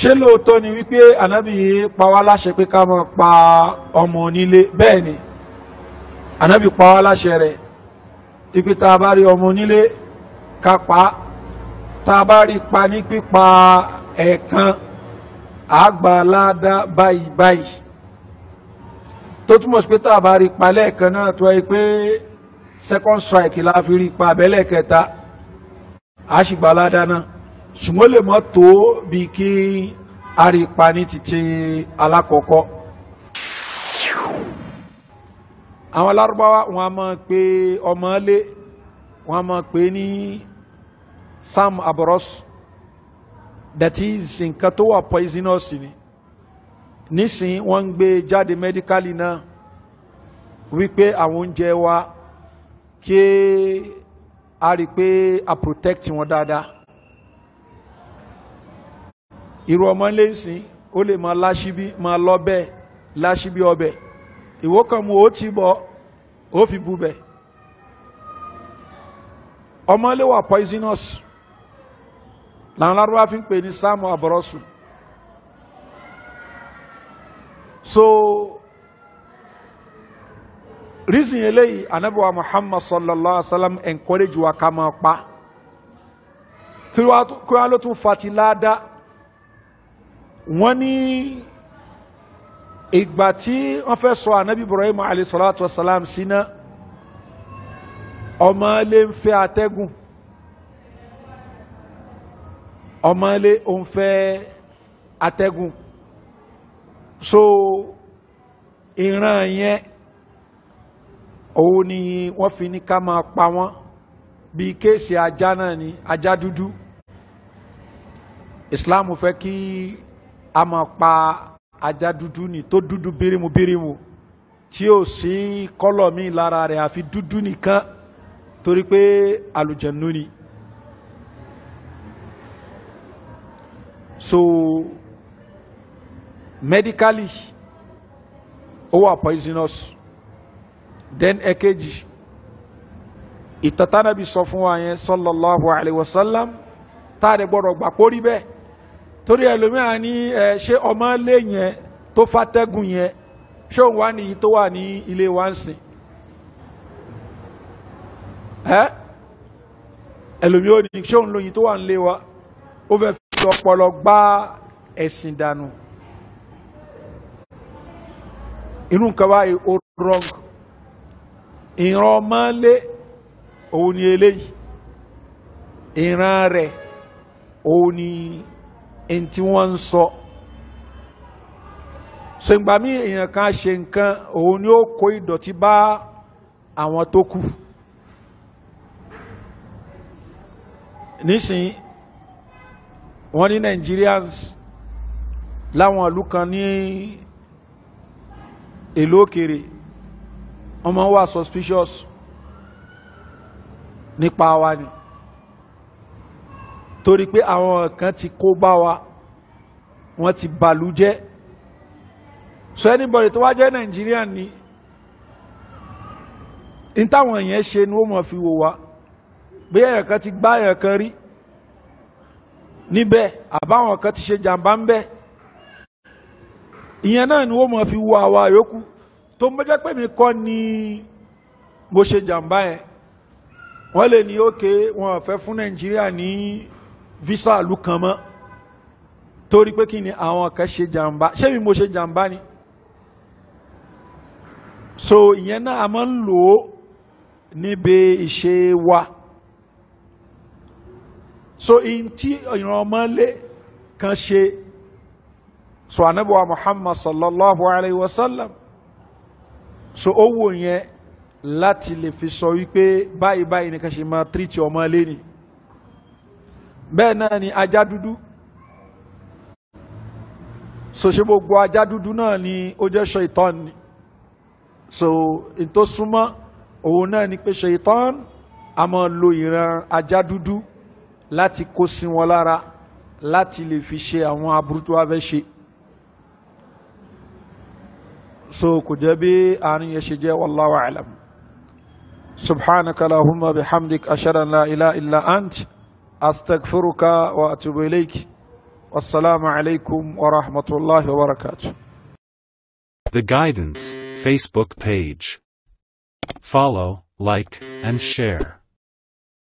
ṣé lóòótọ́ ni wípé ànábì pa wá láṣẹ pé ká máa pa ọmọ onílé bẹ́ẹ̀ ni ànábì pa wá láṣẹ rẹ̀ ipi tá a bá rí ọmọ onílé ká pa á tá a bá rí pa ní pípa ẹ̀ẹ̀kan àgbàládá báyìí báyìí tó túmọ̀ sí pé tá a bá rí pa lẹ́ẹ̀kan náà tó ẹ pé second strike la fi rí pa abẹ́lẹ̀ kẹta náà ṣùgbọ́n lè mọ́ tó bí kí arípa ní títí alákọ̀ọ́kọ́ àwọn alárúbáwá wọn a máa pe ọmọ lé wọn a máa pe ní sam aboros that is nǹkan tó wà poisonous ni nísìn wọ́n ń gbé jáde medically náà wípé àwọn oúnjẹ wa kí a rí pé a protect wọn dáadáa irú ọmọ ilé ìsìn ó lè máa láṣíbí máa lọ́bẹ̀ láṣíbí ọbẹ̀ ó ti bọ̀ ó fi bubẹ̀ ọmọ ilé wà poisonous làwọn fi ń pè ní sáàmù so reason eléyìí anabiwa muhammad sallallahu alaihi wa sallam encourage wa ká máa pa kí ló wọ́n ní ìgbà tí wọ́n fẹ́ sọ ànábì Ibrahim alayhi salatu wa salam síná ọmọ ilé ń fẹ́ atẹ́gùn ọmọ ilé ń fẹ́ atẹ́gùn so ìran yẹn òun ni wọ́n fi ní ká máa pa wọ́n bí kéèsì ajá náà ni ajá dúdú Islam fẹ́ kí a máa pa ajá dúdú ni tó dúdú bírímù bírímù tí ò sí kọ́lọ̀ míì lára rẹ̀ àfi dúdú nìkan torí pé àlùjànnú ni. so medically ó wà poisonous then èkejì ìtàn tí Ànábì sọ fún wa yẹn sallallahu alayhi wa sallam tá a lè gbọ́dọ̀ gbà pórí bẹ́ẹ̀ torí ẹlòmíràn ní ẹ ṣé ọmọ lé yẹn tó fatẹ́gùn yẹn ṣé òun wá nìyí tó wà ní ilé wa ń sìn ẹ ẹlòmíràn ní ṣé òun lóyin tó wà nílé wa ó fẹ́ fi ọpọlọ gbá ẹ̀sìn dànù irú nǹkan báyìí ó rọg ìran ọmọ lé òun ni eléyìí ìran rẹ̀ òun ni ntí wọ́n ń sọ sọ̀gbà mí èèyàn kan ṣe nǹkan òun ni ó kó ìdọ̀tí bá àwọn tó kù nísìnyí wọ́n ní Nigerians láwọn ìlú kan ní èlò òkèrè wọ́n máa ń wà suspicious nípa wa ni. Ni torí pé àwọn kan ti kó bá wa wọ́n ti bàlú jẹ́ so anybody tó wá jẹ́ Nàìjíríà ni n táwọn èèyàn ṣe ni ó mọ̀ fi wò wá bí èèyàn kan ti gbá èèyàn kan rí níbẹ̀ àbáwọn kan ti ṣe jàǹbá ń bẹ̀ ìyẹn náà ni ó mọ̀ fi wo àwa yòókù tó ń bọ́jẹ́ pé mi kọ́ ni mo ṣe jàǹbá yẹn wọ́n lè ní ókè wọn ò fún Nàìjíríà ní visa ìlú kan mọ́ torí pé kí ni àwọn kan ṣe jàǹbá ṣé mi mo ṣe jàǹbá ni so ìyẹn náà a máa ń lò ó níbi ìṣe wa so in tí ìran ọmọlé kan ṣe so anábọ̀wá Muhammad sallallahu alayhi wa sallam so ó wò yẹn láti lè fi sọ wípé báyìí báyìí ni kan ṣe máa tírìtì ọmọlé ni bẹ́ẹ̀ náà ni ajá dúdú so ṣe gbogbo ajá dúdú náà ni ó jẹ́ ṣaitan ni so n tó súnmọ́ òun náà ni pé ṣaitan a máa lo ìran ajá dúdú láti kó sí wọn lára láti lè fi ṣe àwọn aburú tó ṣe so kò jẹ́ bí àárín yẹn ṣe jẹ́ wallahu a'lam subhanaka bihamdik ashhadu la ilaha illa ant. أستغفرك وأتوب إليك والسلام عليكم ورحمة الله وبركاته The Guidance Facebook page Follow, like, and share